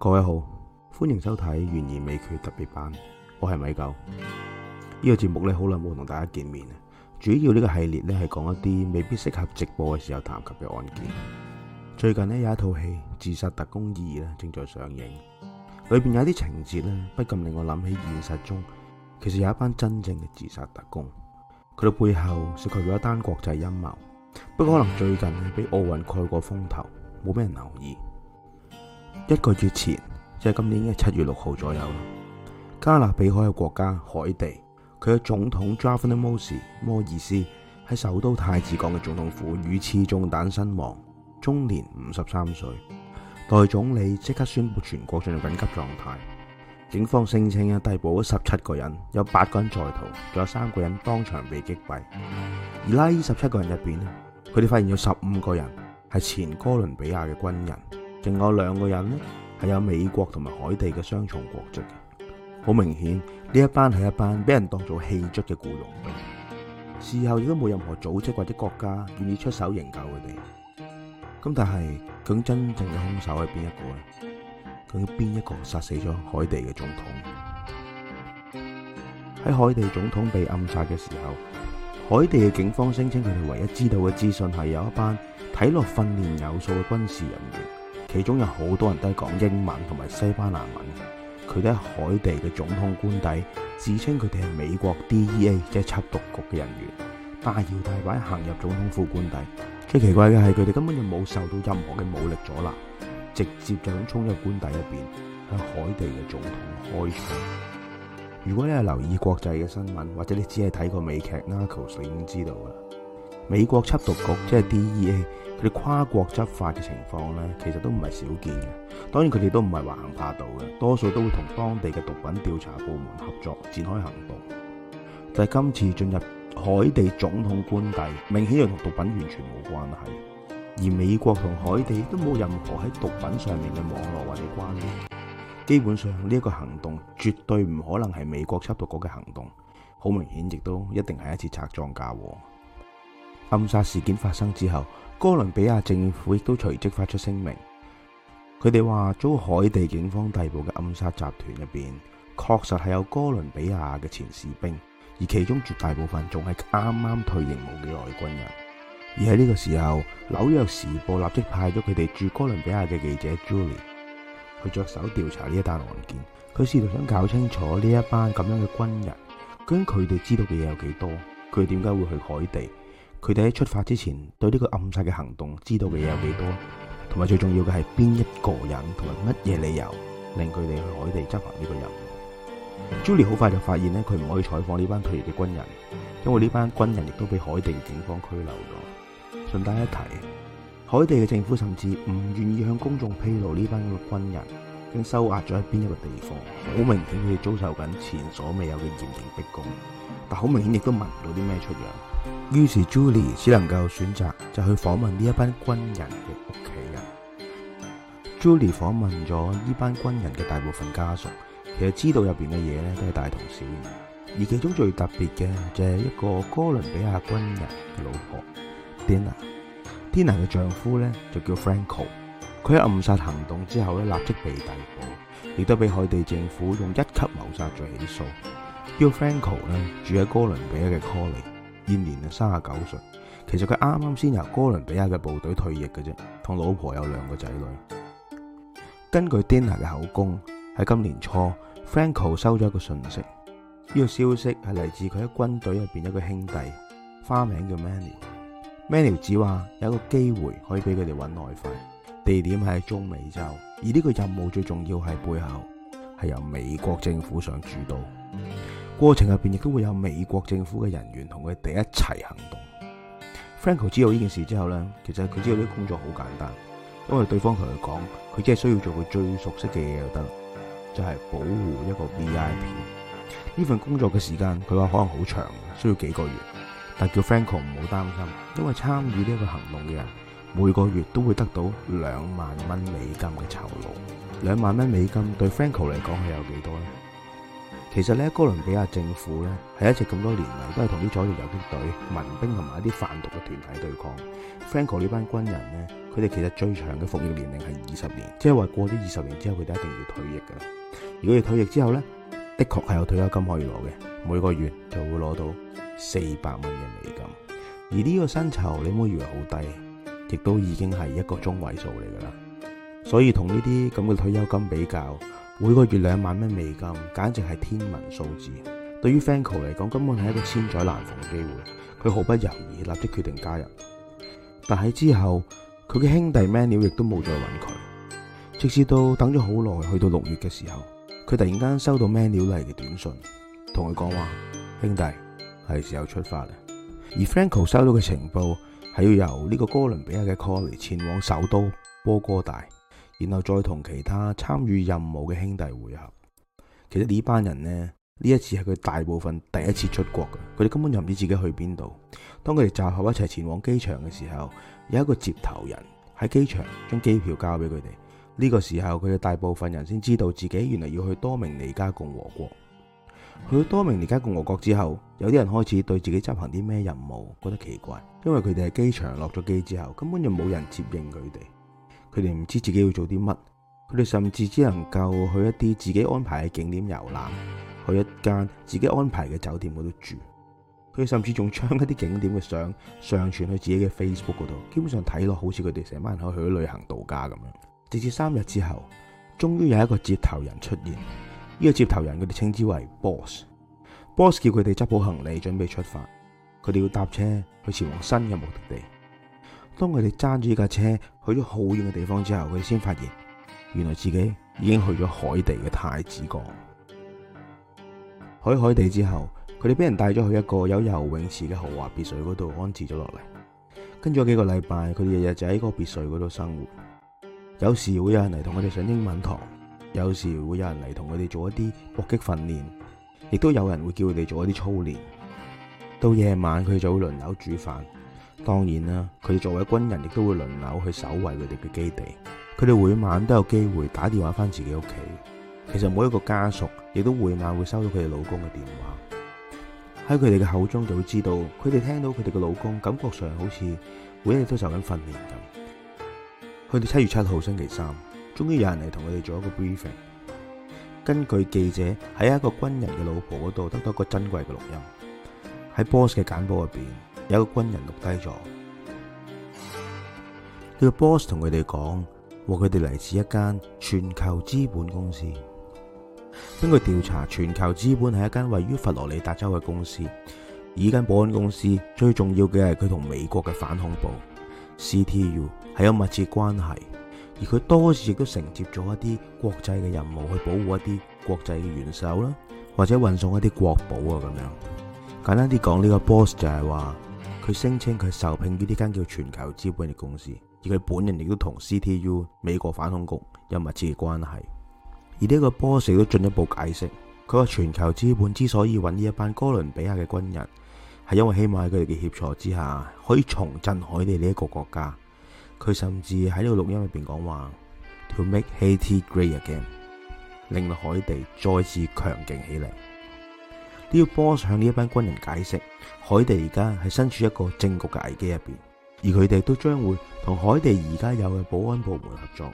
各位好，歡迎收睇懸疑未決特別版，我係米九。呢、這個節目咧好耐冇同大家見面，主要呢個系列咧係講一啲未必適合直播嘅時候談及嘅案件。最近呢，有一套戲《自殺特攻二》咧正在上映，裏邊有啲情節呢，不禁令我諗起現實中，其實有一班真正嘅自殺特攻，佢嘅背後涉及咗一單國際陰謀，不過可能最近俾奧運蓋過風頭，冇咩人留意。一個月前，即係今年嘅七月六號左右，加勒比海嘅國家海地，佢嘅總統 Jovenel Moise 摩爾斯喺首都太子港嘅總統府遇刺中彈身亡，終年五十三歲。代總理即刻宣布全國進入緊急狀態。警方聲稱啊逮捕咗十七個人，有八個人在逃，仲有三個人當場被擊斃。而伊十七個人入邊，佢哋發現有十五個人係前哥倫比亞嘅軍人。另外兩個人呢，係有美國同埋海地嘅雙重國籍嘅，好明顯呢一班係一班俾人當做棄卒嘅僱傭兵。事後亦都冇任何組織或者國家願意出手營救佢哋。咁但係，咁真正嘅兇手係邊一個呢？究竟邊一個殺死咗海地嘅總統？喺海地總統被暗殺嘅時候，海地嘅警方聲稱佢哋唯一知道嘅資訊係有一班睇落訓練有素嘅軍事人員。其中有好多人都係講英文同埋西班牙文，佢哋喺海地嘅總統官邸，自稱佢哋係美國 DEA 即係緝毒局嘅人員，大搖大擺行入總統副官邸，最奇怪嘅係佢哋根本就冇受到任何嘅武力阻攔，直接就咁衝入官邸入邊，向海地嘅總統開槍。如果你係留意國際嘅新聞，或者你只係睇過美劇《Narcos》，你已經知道啦。美國緝毒局即係 DEA，佢哋跨國執法嘅情況咧，其實都唔係少見嘅。當然佢哋都唔係橫行霸道嘅，多數都會同當地嘅毒品調查部門合作，展開行動。但係今次進入海地總統官邸，明顯就同毒品完全冇關係，而美國同海地都冇任何喺毒品上面嘅網絡或者關係。基本上呢一個行動絕對唔可能係美國緝毒局嘅行動，好明顯亦都一定係一次栽贓嫁禍。暗殺事件發生之後，哥倫比亞政府亦都隨即發出聲明。佢哋話，遭海地警方逮捕嘅暗殺集團入邊，確實係有哥倫比亞嘅前士兵，而其中絕大部分仲係啱啱退役冇幾耐軍人。而喺呢個時候，紐約時報立即派咗佢哋駐哥倫比亞嘅記者 Julie 佢着手調查呢一單案件。佢試圖想搞清楚呢一班咁樣嘅軍人，究竟佢哋知道嘅嘢有幾多？佢點解會去海地？佢哋喺出發之前對呢個暗殺嘅行動知道嘅嘢有幾多？同埋最重要嘅係邊一個人同埋乜嘢理由令佢哋去海地執行呢個人 ？Julie 好快就發現咧，佢唔可以採訪呢班退役嘅軍人，因為呢班軍人亦都俾海地嘅警方拘留咗。順帶一提，海地嘅政府甚至唔願意向公眾披露呢班咁嘅軍人，竟收押咗喺邊一個地方。好明顯，佢哋遭受緊前所未有嘅嚴刑逼供，但好明顯亦都聞唔到啲咩出樣。於是 Julie 只能夠選擇就去訪問呢一班軍人嘅屋企人。Julie 訪問咗呢班軍人嘅大部分家屬，其實知道入邊嘅嘢咧都係大同小異。而其中最特別嘅就係一個哥倫比亞軍人嘅老婆 Dina。Dina 嘅丈夫咧就叫 Franco。佢喺暗殺行動之後咧立即被逮捕，亦都俾海地政府用一級謀殺罪起訴。叫 Franco 咧住喺哥倫比亞嘅 Cali 現年三十九歲，其實佢啱啱先由哥倫比亞嘅部隊退役嘅啫，同老婆有兩個仔女。根據 Dina 嘅口供，喺今年初，Franco 收咗一個訊息，呢、這個消息係嚟自佢喺軍隊入邊一個兄弟，花名叫 Manuel，Manuel 指話有一個機會可以俾佢哋揾外快，地點喺中美洲，而呢個任務最重要係背後係由美國政府上主導。過程入邊亦都會有美國政府嘅人員同佢哋一齊行動。Franko 知道呢件事之後咧，其實佢知道呢個工作好簡單，因為對方同佢講，佢只係需要做佢最熟悉嘅嘢就得啦，就係保護一個 VIP。呢 份工作嘅時間，佢話可能好長，需要幾個月，但叫 Franko 唔好擔心，因為參與呢一個行動嘅人，每個月都會得到兩萬蚊美金嘅酬勞。兩萬蚊美金對 Franko 嚟講係有幾多咧？其實咧，哥倫比亞政府咧係一直咁多年嚟都係同啲左翼游擊隊、民兵同埋一啲販毒嘅團體對抗。Franco 呢班軍人咧，佢哋其實最長嘅服役年齡係二十年，即係話過咗二十年之後，佢哋一定要退役㗎啦。如果你退役之後咧，的確係有退休金可以攞嘅，每個月就會攞到四百蚊嘅美金。而呢個薪酬你唔好以為好低，亦都已經係一個中位數嚟㗎啦。所以同呢啲咁嘅退休金比較。每個月兩萬蚊美金，簡直係天文數字。對於 Franco 嚟講，根本係一個千載難逢嘅機會。佢毫不猶豫，立即決定加入。但喺之後，佢嘅兄弟 Manuel 亦都冇再揾佢，直至到等咗好耐，去到六月嘅時候，佢突然間收到 Manuel 嚟嘅短信，同佢講話：兄弟，係時候出發啦！而 Franco 收到嘅情報係要由呢個哥倫比亞嘅 Cali 嚟前往首都波哥大。然後再同其他參與任務嘅兄弟會合。其實呢班人呢，呢一次係佢大部分第一次出國，佢哋根本就唔知自己去邊度。當佢哋集合一齊前往機場嘅時候，有一個接頭人喺機場將機票交俾佢哋。呢個時候，佢哋大部分人先知道自己原來要去多明尼加共和國。去咗多明尼加共和國之後，有啲人開始對自己執行啲咩任務覺得奇怪，因為佢哋喺機場落咗機之後，根本就冇人接應佢哋。佢哋唔知自己要做啲乜，佢哋甚至只能夠去一啲自己安排嘅景點遊覽，去一間自己安排嘅酒店嗰度住。佢哋甚至仲將一啲景點嘅相上傳去自己嘅 Facebook 度，基本上睇落好似佢哋成班人去旅行度假咁樣，直至三日之後，終於有一個接頭人出現，呢個接頭人佢哋稱之為 boss。boss 叫佢哋執好行李準備出發，佢哋要搭車去前往新嘅目的地。當佢哋揸住架車去咗好遠嘅地方之後，佢先發現原來自己已經去咗海地嘅太子港。喺海地之後，佢哋俾人帶咗去一個有游泳池嘅豪華別墅嗰度安置咗落嚟。跟咗幾個禮拜，佢哋日日就喺個別墅嗰度生活。有時會有人嚟同佢哋上英文堂，有時會有人嚟同佢哋做一啲搏擊訓練，亦都有人會叫佢哋做一啲操練。到夜晚，佢就會輪流煮飯。當然啦，佢哋作為軍人亦都會輪流去守衛佢哋嘅基地。佢哋每晚都有機會打電話翻自己屋企。其實每一個家屬亦都每晚會收到佢哋老公嘅電話。喺佢哋嘅口中就會知道，佢哋聽到佢哋嘅老公，感覺上好似每一日都受緊訓練咁。去到七月七號星期三，終於有人嚟同佢哋做一個 briefing。根據記者喺一個軍人嘅老婆嗰度得到一個珍貴嘅錄音，喺 boss 嘅簡報入邊。有個軍人錄低咗呢個 boss 同佢哋講，話佢哋嚟自一間全球資本公司。根據調查，全球資本係一間位於佛羅里達州嘅公司，而間保安公司最重要嘅係佢同美國嘅反恐部 C T U 係有密切關係，而佢多次亦都承接咗一啲國際嘅任務，去保護一啲國際嘅元首啦，或者運送一啲國寶啊，咁樣簡單啲講，呢個 boss 就係話。佢聲稱佢受聘於呢間叫全球資本嘅公司，而佢本人亦都同 CTU 美國反恐局有密切嘅關係。而呢個波士都進一步解釋，佢話全球資本之所以揾呢一班哥倫比亞嘅軍人，係因為希望喺佢哋嘅協助之下，可以重振海地呢一個國家。佢甚至喺呢個錄音入邊講話，to make Haiti great again，令到海地再次強勁起嚟。都要 boss 向呢一班軍人解釋，海地而家係身處一個政局嘅危機入邊，而佢哋都將會同海地而家有嘅保安部門合作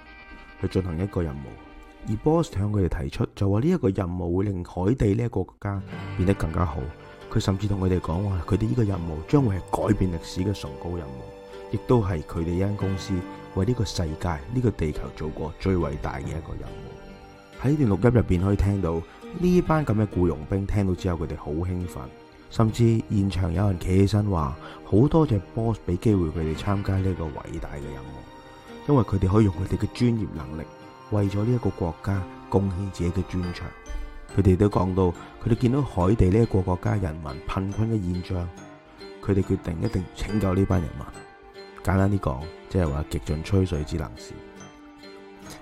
去進行一個任務。而 boss 向佢哋提出就話，呢一個任務會令海地呢一個國家變得更加好。佢甚至同佢哋講話，佢哋呢個任務將會係改變歷史嘅崇高任務，亦都係佢哋一間公司為呢個世界呢個地球做過最偉大嘅一個任務。喺呢段錄音入邊可以聽到。呢班咁嘅雇傭兵聽到之後，佢哋好興奮，甚至現場有人企起身話：好多只 boss 俾機會佢哋參加呢個偉大嘅任務，因為佢哋可以用佢哋嘅專業能力，為咗呢一個國家貢獻自己嘅專長。佢哋都講到，佢哋見到海地呢一個國家人民貧困嘅現象，佢哋決定一定拯救呢班人民。簡單啲講，即係話極盡吹水之能事。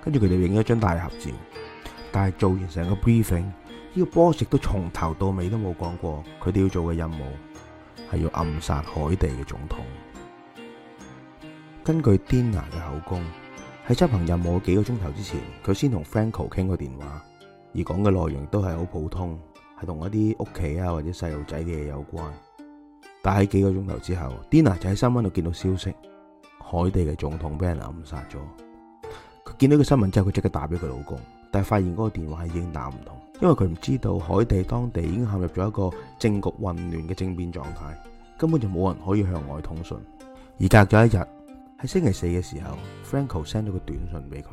跟住佢哋影咗張大合照，但係做完成個 briefing。呢個波石都從頭到尾都冇講過，佢哋要做嘅任務係要暗殺海地嘅總統。根據 Dina 嘅口供，喺執行任務幾個鐘頭之前，佢先同 Franko 傾過電話，而講嘅內容都係好普通，係同一啲屋企啊或者細路仔嘅嘢有關。但喺幾個鐘頭之後，Dina 就喺新聞度見到消息，海地嘅總統俾人暗殺咗。佢見到個新聞之後，佢即刻打俾佢老公，但係發現嗰個電話係已經打唔通。因為佢唔知道海地當地已經陷入咗一個政局混亂嘅政變狀態，根本就冇人可以向外通訊。而隔咗一日，喺星期四嘅時候，Franco send 咗個短信俾佢。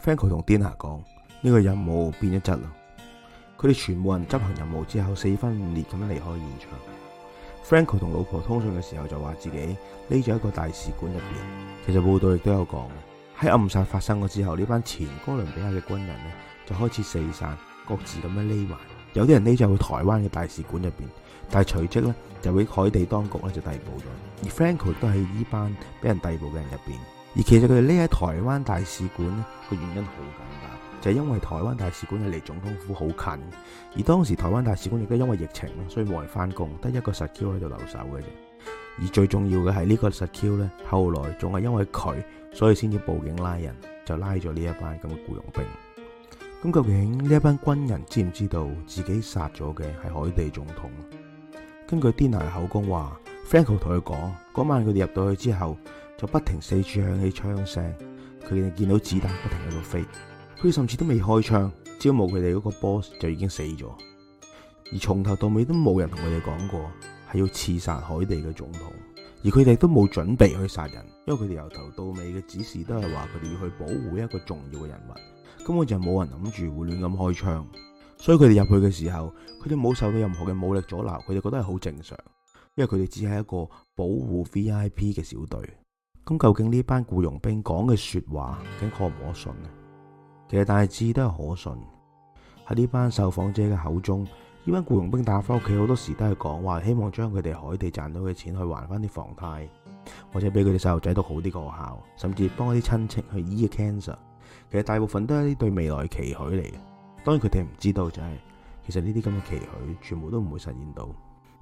Franco 同 Diana 講呢個任務變咗質啦。佢哋全部人執行任務之後，四分五裂咁離開現場。Franco 同老婆通訊嘅時候就話自己匿咗一個大使館入邊。其實報道亦都有講喺暗殺發生咗之後，呢班前哥倫比亞嘅軍人呢，就開始四散。各自咁樣匿埋，有啲人匿咗去台灣嘅大使館入邊，但係隨即咧就俾海地當局咧就逮捕咗。而 Franco 都係呢班俾人逮捕嘅人入邊。而其實佢哋匿喺台灣大使館呢，個原因好簡單，就係因為台灣大使館係離總統府好近。而當時台灣大使館亦都因為疫情，所以冇人翻工，得一個實 Q 喺度留守嘅啫。而最重要嘅係呢個實 Q 咧，後來仲係因為佢，所以先至報警拉人，就拉咗呢一班咁嘅僱傭兵。咁究竟呢一班軍人知唔知道自己殺咗嘅係海地總統？根據 d i n 口供話，Franko 同佢講，嗰晚佢哋入到去之後，就不停四處響起槍聲，佢哋見到子彈不停喺度飛，佢甚至都未開槍，只要冇佢哋嗰個 boss 就已經死咗。而從頭到尾都冇人同佢哋講過係要刺殺海地嘅總統，而佢哋都冇準備去殺人，因為佢哋由頭到尾嘅指示都係話佢哋要去保護一個重要嘅人物。根本就冇人諗住胡亂咁開槍，所以佢哋入去嘅時候，佢哋冇受到任何嘅武力阻撓，佢哋覺得係好正常，因為佢哋只係一個保護 VIP 嘅小隊。咁究竟呢班僱傭兵講嘅說話，究竟可唔可信呢？其實大致都係可信。喺呢班受訪者嘅口中，呢班僱傭兵打翻屋企好多時都係講話，希望將佢哋海地賺到嘅錢去還翻啲房貸，或者俾佢哋細路仔讀好啲嘅學校，甚至幫啲親戚去醫 cancer。其實大部分都係啲對未來嘅期許嚟嘅，當然佢哋唔知道就係、是，其實呢啲咁嘅期許全部都唔會實現到，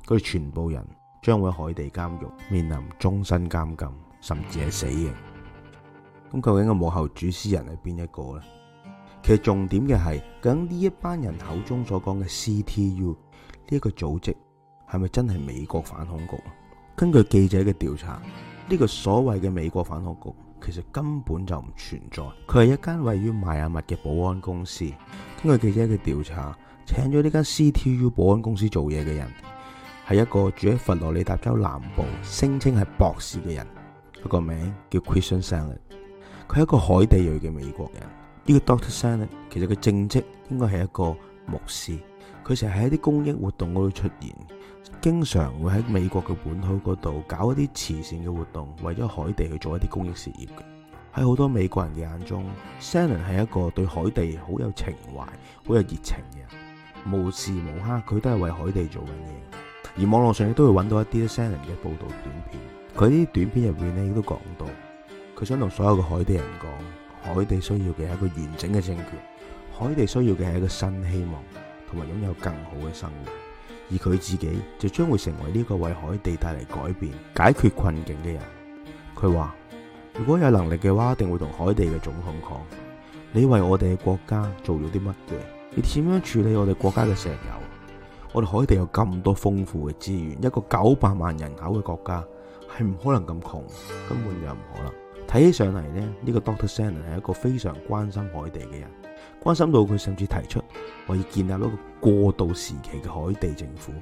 佢哋全部人將會喺海地監獄面臨終身監禁，甚至係死刑。咁究竟個幕後主使人係邊一個呢？其實重點嘅係，究竟呢一班人口中所講嘅 CTU 呢一個組織係咪真係美國反恐局？根據記者嘅調查，呢、這個所謂嘅美國反恐局，其實根本就唔存在，佢係一間位於邁阿密嘅保安公司。根據記者嘅調查，請咗呢間 CTU 保安公司做嘢嘅人，係一個住喺佛羅里達州南部、聲稱係博士嘅人。佢個名叫 Christian Sandler，佢係一個海地裔嘅美國人。呢個 Doctor Sandler 其實佢正職應該係一個牧師，佢成日喺啲公益活動嗰度出現。經常會喺美國嘅本土嗰度搞一啲慈善嘅活動，為咗海地去做一啲公益事業嘅。喺好多美國人嘅眼中，Sanon 係一個對海地好有情懷、好有熱情嘅人，無時無刻佢都係為海地做緊嘢。而網絡上亦都會搵到一啲 Sanon 嘅報道短片，佢啲短片入面咧亦都講到，佢想同所有嘅海地人講，海地需要嘅係一個完整嘅政權，海地需要嘅係一個新希望，同埋擁有更好嘅生活。而佢自己就將會成為呢個為海地帶嚟改變、解決困境嘅人。佢話，如果有能力嘅話，一定會同海地嘅總統講，你為我哋嘅國家做咗啲乜嘢？你點樣處理我哋國家嘅石油？我哋海地有咁多豐富嘅資源，一個九百萬人口嘅國家係唔可能咁窮，根本就唔可能。睇起上嚟咧，呢個 Doctor Sanon 係一個非常關心海地嘅人，關心到佢甚至提出。可以建立嗰個過渡時期嘅海地政府，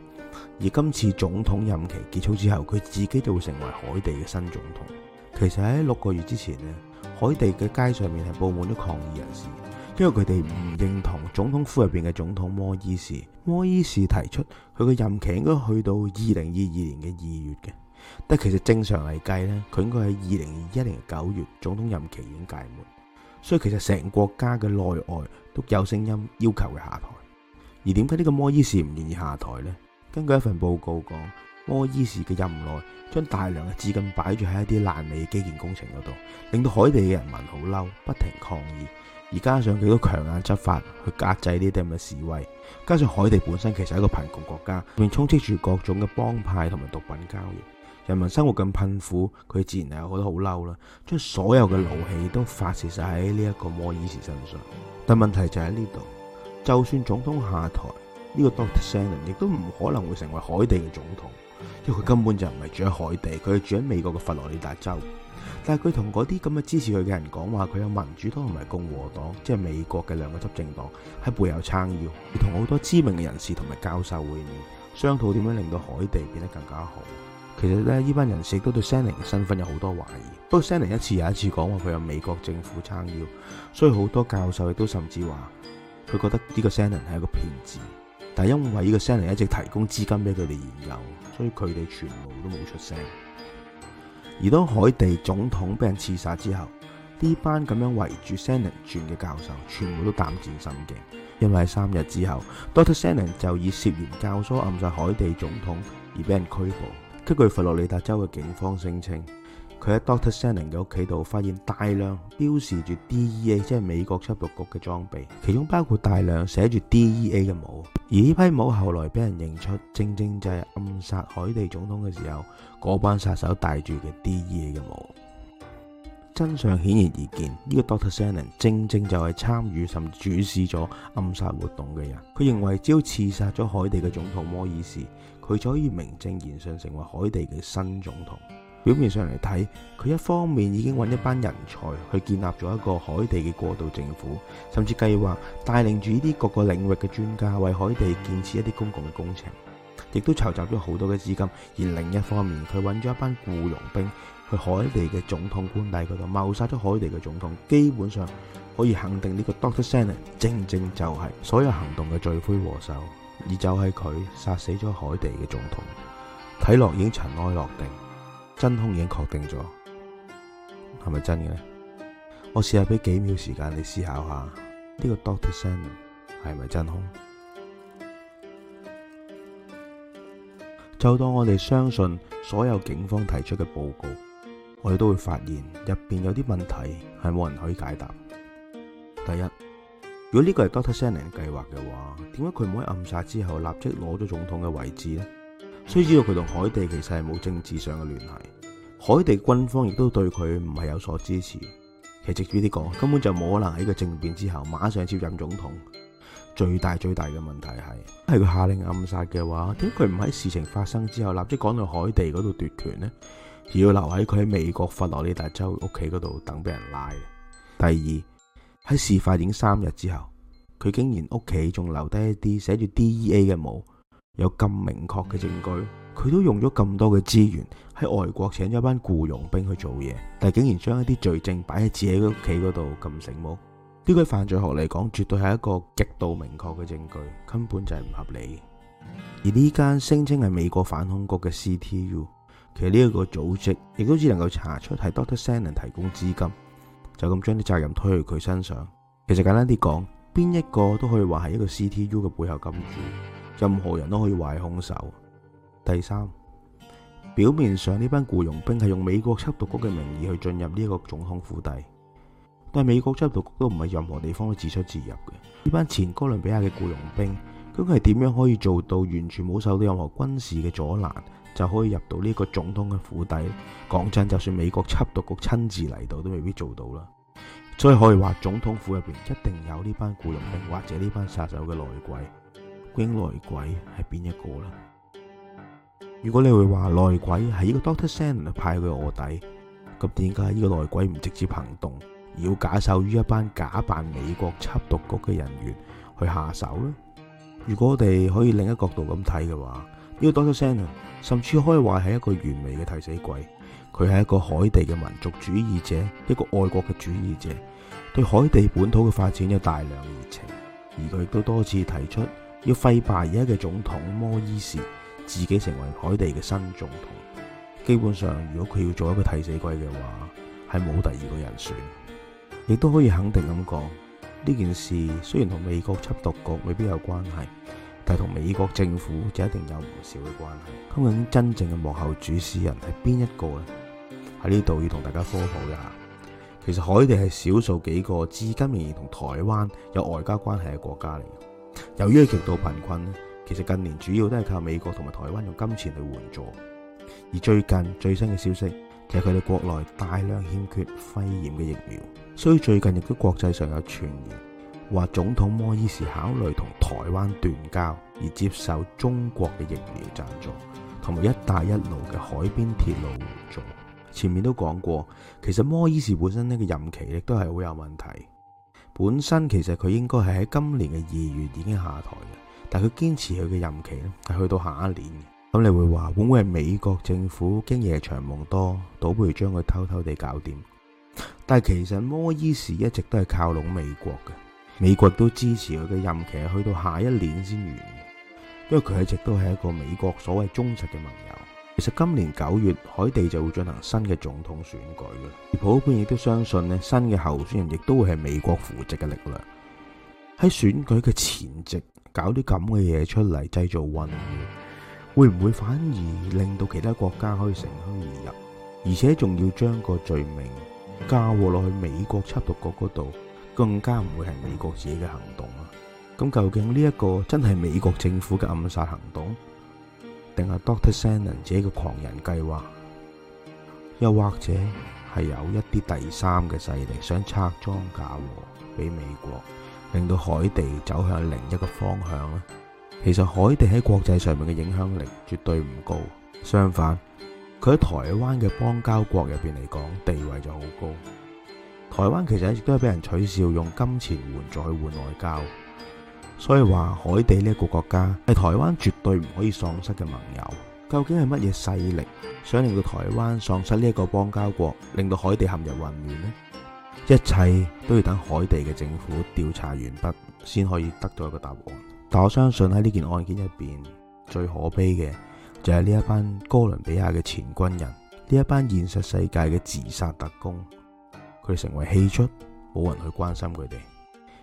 而今次總統任期結束之後，佢自己就會成為海地嘅新總統。其實喺六個月之前呢，海地嘅街上面係佈滿咗抗議人士，因為佢哋唔認同總統府入邊嘅總統摩伊士。摩伊士提出佢嘅任期應該去到二零二二年嘅二月嘅，但其實正常嚟計呢，佢應該係二零一零九月總統任期已經屆滿，所以其實成國家嘅內外。都有聲音要求佢下台，而點解呢個摩伊士唔願意下台呢？根據一份報告講，摩伊士嘅任內將大量嘅資金擺住喺一啲爛尾基建工程嗰度，令到海地嘅人民好嬲，不停抗議。而加上佢都強硬執法去壓制呢啲咁嘅示威，加上海地本身其實係一個貧窮國家，面充斥住各種嘅幫派同埋毒品交易。人民生活咁困苦，佢自然係覺得好嬲啦，將所有嘅怒氣都發洩晒喺呢一個摩爾士身上。但問題就喺呢度，就算總統下台，呢、這個 Doctor Sanon 亦都唔可能會成為海地嘅總統，因為佢根本就唔係住喺海地，佢係住喺美國嘅佛羅里達州。但係佢同嗰啲咁嘅支持佢嘅人講話，佢有民主黨同埋共和黨，即係美國嘅兩個執政黨喺背後撐腰，而同好多知名嘅人士同埋教授會面，商討點樣令到海地變得更加好。其實咧，呢班人士亦都對 Sanon 嘅身份有好多懷疑。不過 Sanon 一次又一次講話佢有美國政府撐腰，所以好多教授亦都甚至話佢覺得呢個 Sanon 係一個騙子。但係因為呢個 Sanon 一直提供資金俾佢哋研究，所以佢哋全部都冇出聲。而當海地總統被人刺殺之後，呢班咁樣圍住 Sanon 轉嘅教授全部都膽戰心驚，因為喺三日之後 Doctor Sanon 就以涉嫌教唆暗殺海地總統而俾人拘捕。根據佛羅里達州嘅警方聲稱，佢喺 Dr. Shannon 嘅屋企度發現大量標示住 DEA，即係美國緝毒局嘅裝備，其中包括大量寫住 DEA 嘅帽。而呢批帽後來俾人認出，正正就係暗殺海地總統嘅時候，嗰班殺手戴住嘅 DEA 嘅帽。真相顯然而見，呢、這個 Dr. Shannon 正正就係參與甚至主使咗暗殺活動嘅人。佢認為，只要刺殺咗海地嘅總統摩爾士。為咗可以名正言順成為海地嘅新總統，表面上嚟睇，佢一方面已經揾一班人才去建立咗一個海地嘅過渡政府，甚至計劃帶領住呢啲各個領域嘅專家為海地建設一啲公共嘅工程，亦都籌集咗好多嘅資金；而另一方面，佢揾咗一班僱傭兵去海地嘅總統官邸嗰度謀殺咗海地嘅總統。基本上可以肯定，呢個 Dr. Sanon 正正就係所有行動嘅罪魁禍首。而就係佢殺死咗海地嘅總統，睇落已經塵埃落定，真凶已經確定咗，係咪真嘅呢？我試下俾幾秒時間你思考下，呢個 Doctor Sandler 係咪真凶？就當我哋相信所有警方提出嘅報告，我哋都會發現入邊有啲問題係冇人可以解答。第一。如果呢個係 Doctor Sanon 嘅計劃嘅話，點解佢唔喺暗殺之後立即攞咗總統嘅位置呢？雖然知道佢同海地其實係冇政治上嘅聯繫，海地軍方亦都對佢唔係有所支持。其實直接啲講，根本就冇可能喺個政變之後馬上接任總統。最大最大嘅問題係，係佢下令暗殺嘅話，點佢唔喺事情發生之後立即趕到海地嗰度奪權呢？而要留喺佢喺美國佛羅里達州屋企嗰度等俾人拉。第二。喺事發已經三日之後，佢竟然屋企仲留低一啲寫住 D E A 嘅帽，有咁明確嘅證據，佢都用咗咁多嘅資源喺外國請咗一班雇傭兵去做嘢，但係竟然將一啲罪證擺喺自己屋企嗰度，咁醒目，呢個犯罪學嚟講，絕對係一個極度明確嘅證據，根本就係唔合理。而呢間聲稱係美國反恐局嘅 C T U，其實呢一個組織亦都只能夠查出係 Doctor Sandler 提供資金。就咁將啲責任推去佢身上，其實簡單啲講，邊一個都可以話係一個 CTU 嘅背後金主，任何人都可以話係兇手。第三，表面上呢班僱傭兵係用美國緝毒局嘅名義去進入呢個總統府邸，但美國緝毒局都唔係任何地方都自出自入嘅，呢班前哥倫比亞嘅僱傭兵，究竟係點樣可以做到完全冇受到任何軍事嘅阻攔，就可以入到呢個總統嘅府邸。講真，就算美國緝毒局親自嚟到，都未必做到啦。所以可以話，總統府入邊一定有呢班僱傭兵或者呢班殺手嘅內鬼。究竟內鬼係邊一個呢？如果你會話內鬼係呢個 Doctor Sandler 派佢嘅臥底，咁點解呢個內鬼唔直接行動，而要假手於一班假扮美國緝毒局嘅人員去下手呢？如果我哋可以另一角度咁睇嘅話，要多咗聲啊！甚至可以話係一個完美嘅替死鬼，佢係一個海地嘅民族主義者，一個愛國嘅主義者，對海地本土嘅發展有大量嘅熱情。而佢亦都多次提出要廢罷而家嘅總統摩伊士，自己成為海地嘅新總統。基本上，如果佢要做一個替死鬼嘅話，係冇第二個人選。亦都可以肯定咁講，呢件事雖然同美國緝毒局未必有關係。同美國政府就一定有唔少嘅關係，究竟真正嘅幕後主事人係邊一個咧？喺呢度要同大家科普一下，其實海地係少數幾個至今仍然同台灣有外交關係嘅國家嚟。由於佢極度貧困，其實近年主要都係靠美國同埋台灣用金錢去援助。而最近最新嘅消息，其實佢哋國內大量欠缺肺炎嘅疫苗，所以最近亦都國際上有傳言。話總統摩伊士考慮同台灣斷交，而接受中國嘅疫苗贊助，同埋一帶一路嘅海邊鐵路援助。前面都講過，其實摩伊士本身呢個任期亦都係好有問題。本身其實佢應該係喺今年嘅二月已經下台嘅，但佢堅持佢嘅任期呢係去到下一年嘅。咁你會話會唔會係美國政府驚夜長夢多，倒不如將佢偷偷地搞掂？但係其實摩伊士一直都係靠攏美國嘅。美國都支持佢嘅任期去到下一年先完，因為佢一直都係一個美國所謂忠實嘅盟友。其實今年九月海地就會進行新嘅總統選舉嘅，而普遍亦都相信新嘅候選人亦都會係美國扶植嘅力量。喺選舉嘅前夕搞啲咁嘅嘢出嚟製造混亂，會唔會反而令到其他國家可以乘虛而入，而且仲要將個罪名嫁禍落去美國緝毒局嗰度？更加唔會係美國自己嘅行動啊！咁究竟呢一個真係美國政府嘅暗殺行動，定係 Doctor Sander 自己嘅狂人計劃，又或者係有一啲第三嘅勢力想拆裝架和俾美國，令到海地走向另一個方向？其實海地喺國際上面嘅影響力絕對唔高，相反，佢喺台灣嘅邦交國入邊嚟講，地位就好高。台灣其實一直都係俾人取笑，用金錢換再換外交，所以話海地呢個國家係台灣絕對唔可以喪失嘅盟友。究竟係乜嘢勢力想令到台灣喪失呢個邦交國，令到海地陷入混亂呢？一切都要等海地嘅政府調查完畢先可以得到一個答案。但我相信喺呢件案件入面，最可悲嘅就係呢一班哥倫比亞嘅前軍人，呢一班現實世界嘅自殺特工。佢哋成為棄卒，冇人去關心佢哋，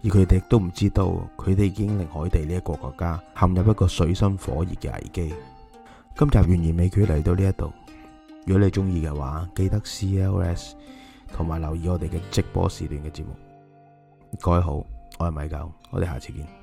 而佢哋都唔知道，佢哋已經令海地呢一個國家陷入一個水深火熱嘅危機。今集懸疑未決嚟到呢一度，如果你中意嘅話，記得 CLS 同埋留意我哋嘅直播時段嘅節目。各位好，我係米九，我哋下次見。